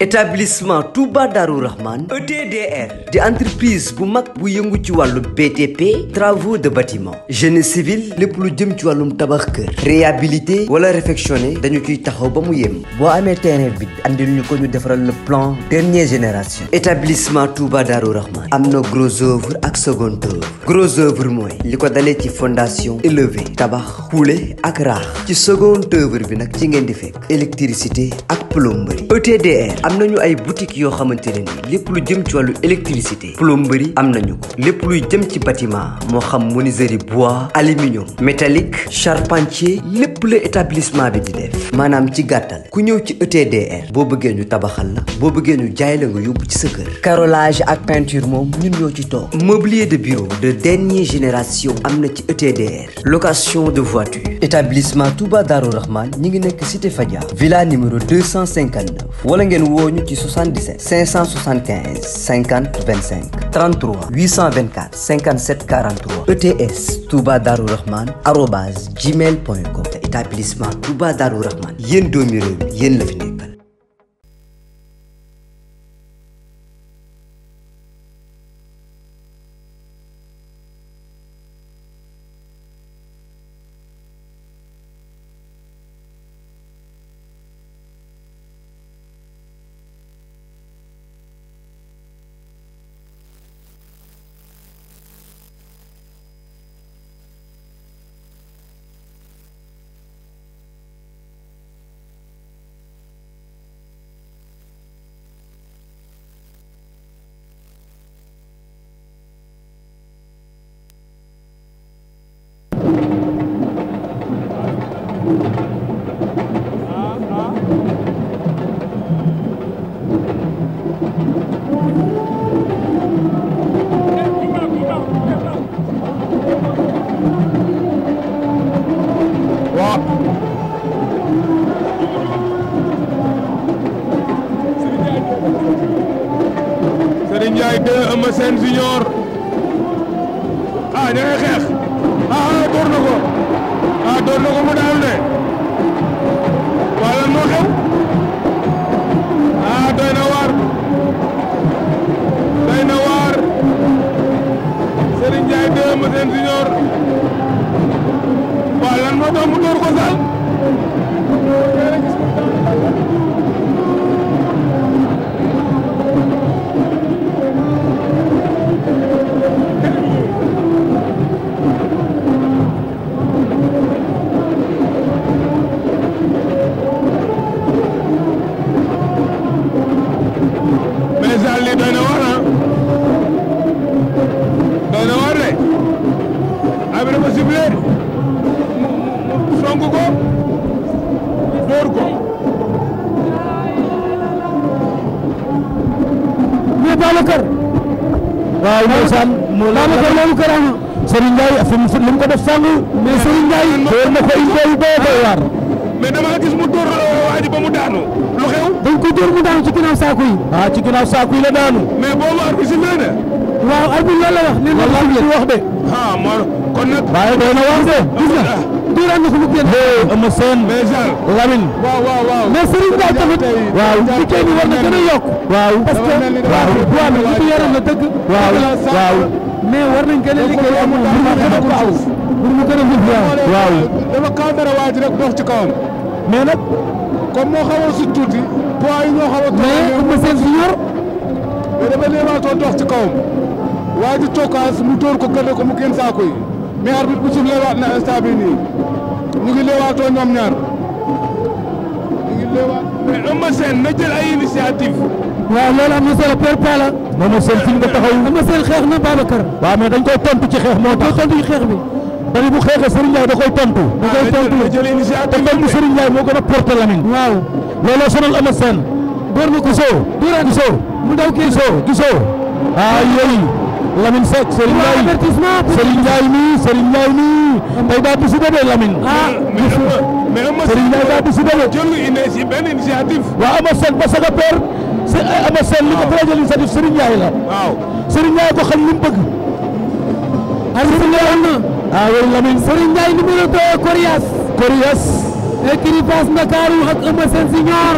établissement Touba Darou Rahman ETDR di entreprise bu mag bu yëngu ci wàllu BTP travaux de bâtiment génie civil lépp lu jëm ci wàllum tabax kër réhabilité wala réfectionné dañu ciy taxaw ba mu yem boo amee terrain bi andil ñu ko ñu defaral le plan dernière génération établissement Touba Darou Rahman am na gros œuvre ak second œuvre gros œuvre mooy li ko dalee ci fondation élevé tabax xuule ak raax ci second œuvre bi nag ci ngeen di fekk électricité ak plomberie ETDR am nañu ay boutique yoo xamante ne lépp lu jëm ci wàllu électricité plomberie am nañu ko lépp luy jëm ci bâtiment moo xam menuiserie bois aluminium métallique charpentier lépp la établissement bi di def maanaam ci gàttal ku ñëw ci ETDR boo bëggee ñu tabaxal la boo bëggee nu jaay la nga yóbbu ci sa kër carrelage ak peinture moom ñun ñoo ci toog mobilier de bureau de dernière génération am na ci ETDR location de voiture établissement Touba Darou Rahman ñi ngi nekk cité Fadia villa 859 wala ngeen woo ñu ci 77 575 50 25 33 824 57 43 ETS Touba Darou Rahman arobase gmail point com te établissement Touba Darou Rahman yéen doomi réew Balla 2 Eumeu Sène Junior ah ña ngi xeex ah, ah door na ko ah door na ko mu daal de wala moo xew Babacar waaw ndeysaan Babacar loolu kër am Serigne Ndiaye fi mu li mu ko def sàng mais Serigne Ndiaye door na ko une fois yu bëree mu euh, door mu daanu ci ginnaaw saako yi ah ci ginnaaw saako la daanu mais boobu arbi si nee waaw arbi lan wax nee na wax de ah kon nag waaye doy ngir ànd ak lu kenn. Eumeu Sène. Lamine. waaw waaw waaw mais Serigne Ndiaye tamit. waaw liggéey bi war na gën a yokk. waaw parce que. waaw waaw li mu yoroon la dëgg. waaw waaw mais war nañ gën a liggéey amul pour mu gën a gudd. pour mu gën a gudd waaw. waaw dafa kaw dara waaj rek dox ci kawam. mais nag. comme moo xaw a sut tuuti. poids yi ñoo xaw a. mais Eumeu Sène si yor. mais dafa leewaatoo dox ci kawam. waaj a tokkaas mu dóor ko gën a ko mu génn saako yi. mais arbitre bu suuf leewaat na instant bii nii. ñu ngi leewaatoo ñoom ñaar na jël ay initiative waaw loolu am na solo per pa la Eumeu Sène fi nga taxaw Eumeu Sène xeex na dañ koy tontu ci xeex moo tax tontu ci xeex bi dañu bu xeexee Serigne Ndiaye da koy da koy ah, tontu te tontu Serigne Ndiaye a porté Lamine waaw looloo sonal Eumeu Sène door na ko soo dóoraat soo mu daw kii soo gisoo Lamine Seck Serigne Ndiaye Serigne Ndiaye mi Serigne Ndiaye mi tey daa décidé de Lamine. ah mais am na Serigne Ndiaye daa décidé de. jël benn initiative. waaw Ama Sène parce que père si Ama eh, Sène li ko tëra jël initiative Serigne Ndiaye la. waaw Serigne Ndiaye ko xam li mu bëgg. ah oui Lamine Serigne Ndiaye numéro 2 Coriace. Coriace. écurie Fass Ndakaaru ak Ama Sène Senior.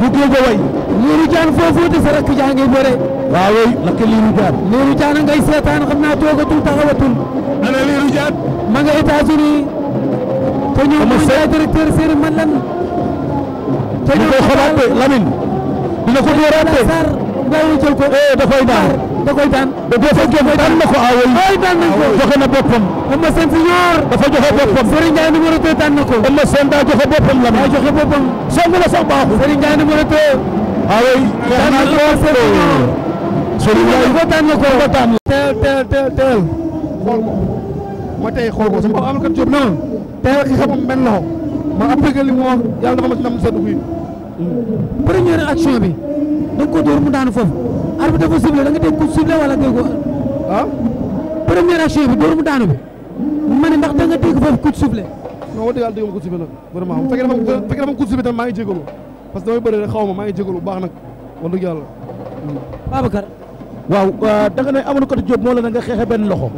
bu Guédiawaye Lirou Diane foofu de sa rakk jaa ngay bëre. waaw oui rakk Lirou Diane. Lirou Diane ngay seetaan xam naa toogatul taxawatul. ana Lirou Diane. ma nga États-Unis. te ñoom mooy jaay directeur Serigne man dina ko dóoraat eh, da daan da koy daan. da dafa joxe daan na ko awoy. Ah, waay daan ah, na boppam. Eumeu Sène senior. dafa joxe boppam. Serigne Ndiaye numéro 2 daan na ko. Eumeu Sène daa joxe boppam Lamine. daa joxe boppam. la sax baaxul. Serigne Ndiaye ah oui teel na trop teel teel ma tey xool ko sama am kat job na teel ki xamam benn loxo ma appliqué li mu wax yàlla dafa ma ci nam sa dugg yi première action bi da ko dóor mu daanu foofu arbitre dafa sifflé da nga dégg ko sifflé wala dégg ko ah? première action bi dóor mu daanu bi ma ne ndax da nga dégg foofu coup de sifflet non wax dëgg yàlla dégg ma coup de sifflet nag vraiment bu fekkee dafa am coup de sifflet tam maa ngi jégalu parce que damay bëri rek xaw ma maa ngi jégalu bu baax nag wax dëgg yàlla. waaw euh, da nga ne Amadou Koté Diop moo la ne nga xeexe benn loxo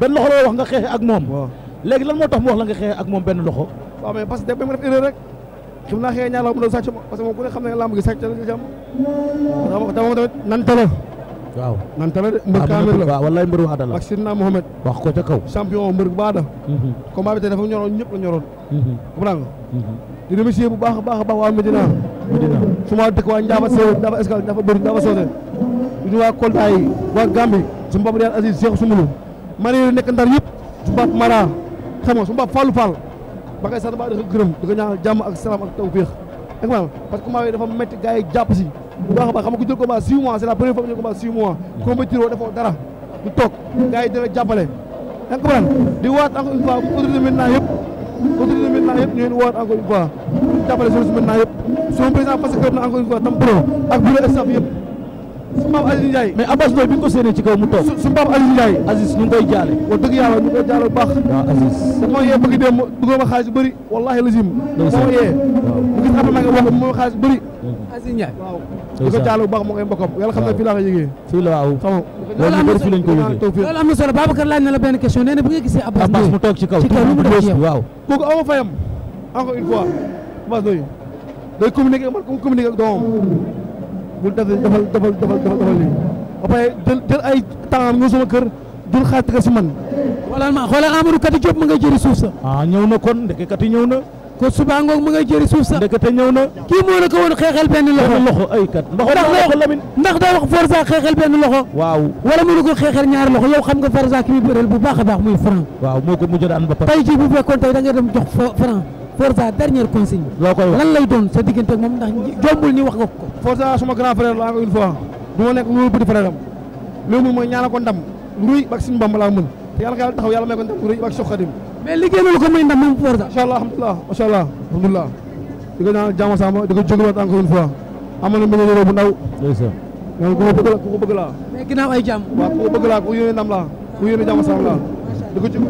benn loxo la wax nga xeexe ak moom. waaw léegi lan moo tax mu wax la nga xeexe ak moom benn loxo. waaw mais parce def ba ma def erreur rek xam naa xëy na ñaar la mu doon ma parce que moom xam ne lamb gi sàcc la nga jàmm dama ko tamit nante la waaw nanta ah, la de mbër kaamil la wallaay mbër waada la wax ko ca kaw champion mbër baada mhm. combat bi tey dafa ñoroon ñëpp la ñoroon mhm. comprends nga mhm. di remercier bu baax a baax a baax waa Medina Medina su ma dëkk waa Ndiafa Sew Ndiafa Escale Ndiafa Bëri Ndiafa Sose duñu waa Kolda yi waa Gambi su mbab Riyal Aziz Cheikh Soumboulou mari yu nekk Ndar yëpp su mbab Mara xam su mbab Fallou Fall ba ngay sant ba di ko gërëm di ko ñaanal jàmm ak salaam ak tawféex parce que combat bi dafa métti jàpp si bu baax a baax xam nga ku jël combat 6 mois c'est la première fois que ñu combat 6 mois compétir woo defoo dara du toog gars yi dina jàppale yaa ngi comprendre di waat encore une fois autorité maintenant yëpp autorité yëpp ñooy waat encore une na encore une fois tam pro ak bureau yëpp su mbaam Aziz Ndiaye mais Abass Ndoye bi ko séenee ci kaw mu toog su mbaam Aziz Ndiaye Aziz ñu ngi koy jaale wax dëgg yàlla ñu koy jaale baax waaw ah, Aziz dama yee bëgg dugal ma xaalis bëri wallahi lazim dama yee bu gis Aziz Ndiaye waaw di ko jàll bu baax moo ngi mbokkam yàlla xam ne fii laa ko yëgee fii la waaw xam loolu am na solo Babacar laaj na la benn question nee na bu nga gisee Abbas Abbas mu toog ci kaw ci kaw lu mu def ci yow waaw a ama fayam encore une fois Abbas defal defal defal defal defal lii ay temps ñëw sama kër jël xaalis ka si man xoolal ma Kati Diop ma ngay jëri suuf sa ah ñëw na kon ndeke Kati ñëw na ko suba ngoog mu ngay jëri suuf sax ndekete ñëw na kii moo la ko woon xeexal benn loxo loxo ay kat ndax daa wax Forza xeexal benn loxo waaw wala mënu ko xeexal ñaari loxo yow xam nga Forza ki muy bëreel bu baax a baax muy franc waaw moo ko mujj daan ba pare tey jii bu fekkoon tey da nga dem jox franc Forza dernière consigne loo lay doon sa diggante moom ndax jombul ni wax nga ko Forza suma grand frère laa ko nekk lu petit frère am loolu mais liggéey na ko may ndam même pour ça. macha allah alhamdulilah macha allah di ko ñaanal jàmm sama di ko jógalaat encore une fois. amoon ndaw. ndeysaan. ñoom ku ko ko bëgg laa. mais ginnaaw ay jàmm. waaw ku ko bëgg laa ku yéene ndam laa ku yéene jàmm sama laa. di ko jóg.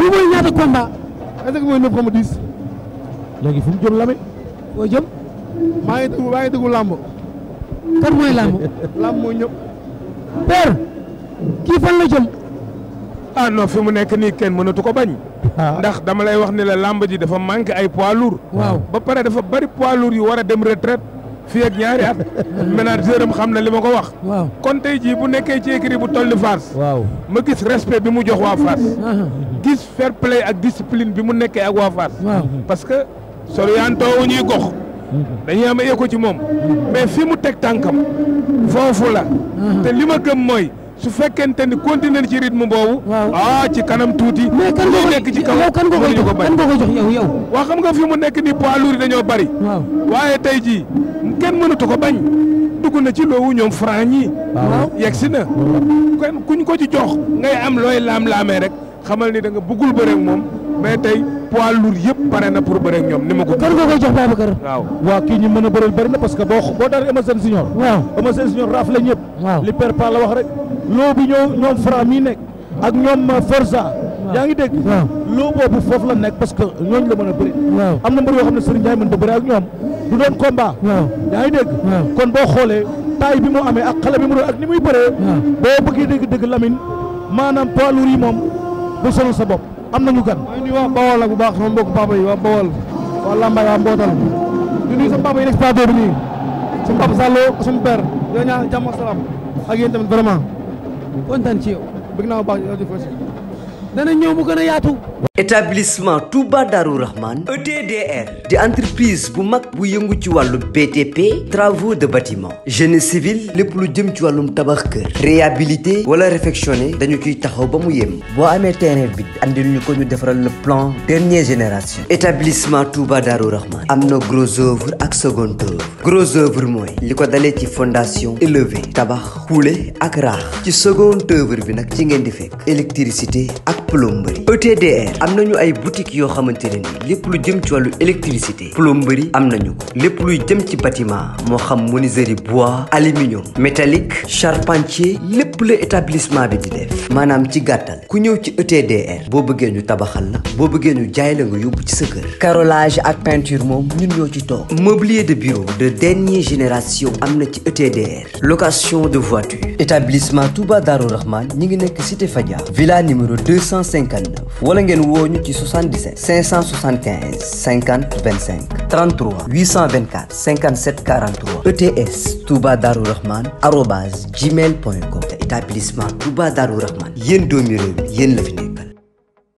bu muy ñaata combat. est-ce que mooy neuf comme dix. léegi fu mu jëm Lamine. foo jëm. maa ngi déglu maa ngi mooy làmb. làmb mooy ñëpp. père. kii fan la jëm. ah non fi mu nekk nii kenn mënatu ko bañ. Ah. ndax dama lay wax ni la làmb ji dafa manqué ay poids lourd. waaw ba pare dafa bari poids yu war a dem retraite fii ak ñaari at. manager am xam na li ma ko wax. waaw kon tey jii bu nekkee ci écurie bu tolli Fass. ma gis respect bi mu jox waa Fass. Ah. gis fair play ak discipline bi mu nekkee ak waa Fass. parce que solo yaantoo wu ñuy gox. dañuy am écho ci moom. Mm-hmm. mais fi mu teg tànkam. foofu la. Ah. te li ma gëm mooy. su fekkente ni continuer ci rythme boobu. ah ci kanam tuuti. mais kan nga nekk ci kaw kan ko koy jox kan nga koy jox yow yow. waaw xam nga fi mu nekk nii poids lourd dañoo bari. waaye tey jii kenn mënatu ko bañ. dugg na ci loowu ñoom franc ñi. waaw yegg si na. kenn kuñ ko ci jox. ngay am looy laam-laamee rek xamal ni da nga bëggul ak moom mais tey poids lourd yëpp pare na pour bëre ak ñoom ni ma ko. kan nga koy jox waaw waaw kii ñu mën a bëri bëri na parce que boo boo dara Emerson Senior. waaw Emerson Senior raaf la ñëpp. waaw li père loo bi ñoo ñoom Fra mii nekk ak ñoom euh, Forza. yaa ngi dégg. waaw loo boobu foofu la nekk parce que ñooñu la mën a bëri. am na mbër yoo xam ne Serigne Ndiaye mën da bëri ak ñoom du doon combat. yaa ngi dégg. kon boo xoolee taay bi mu amee ak xale bi mu doon ak ni muy bëree. boo bëggee dégg-dégg Lamine maanaam poids lourd yi moom bu sonal sa bopp am nañu gan. maa ngi nuyu waa Bawol ak bu baax sama mbokku papa yi waa Bawol waa Lambaye waa Mbootal di nuyu sama papa yi nekk bi nii sama papa Sallo sama père ñoo ñaan jàmm kontaan ci yow bëgg naa baax di rajo Fatick dana ñëw mu gën a yaatu. établissement Touba Darou Rahman ETDR di entreprise bu mag bu yëngu ci wàllu BTP travaux de bâtiment génie civil lépp lu jëm ci wàllum tabax kër réhabilité wala réfectionné dañu ciy taxaw ba mu yem boo amee terrain bi andil ko ñu defaral le plan dernière génération établissement Touba Darou Rahman am na gros œuvre ak second œuvre gros œuvre mooy li ko dalee ci fondation élevée tabax kuule ak raax ci second œuvre bi nag ci ngeen di fekk électricité ak plomberie ETDR am nañu ay boutique yoo xamante ne lépp lu jëm ci wàllu électricité plomberie am nañu ko lépp luy jëm ci bâtiment moo xam menuiserie bois aluminium métallique charpentier lépp la établissement bi di def maanaam ci gàttal ku ñëw ci ETDR boo bëggee ñu tabaxal la boo bëggee nu jaay la nga yóbbu ci sa kër carrelage ak peinture moom ñun ñoo ci toog mobilier de bureau de dernière génération am na ci ETDR location de voiture établissement Touba Darou Rahman ñi ngi nekk cité Fadia 859 wala ngeen wooñu ci 77 575 50 25 33 824 57 43 ETS Touba Darou Rahman arobase gmail point com te établissement Touba Darou Rahman yéen doomi réew mi yéen la fi nekk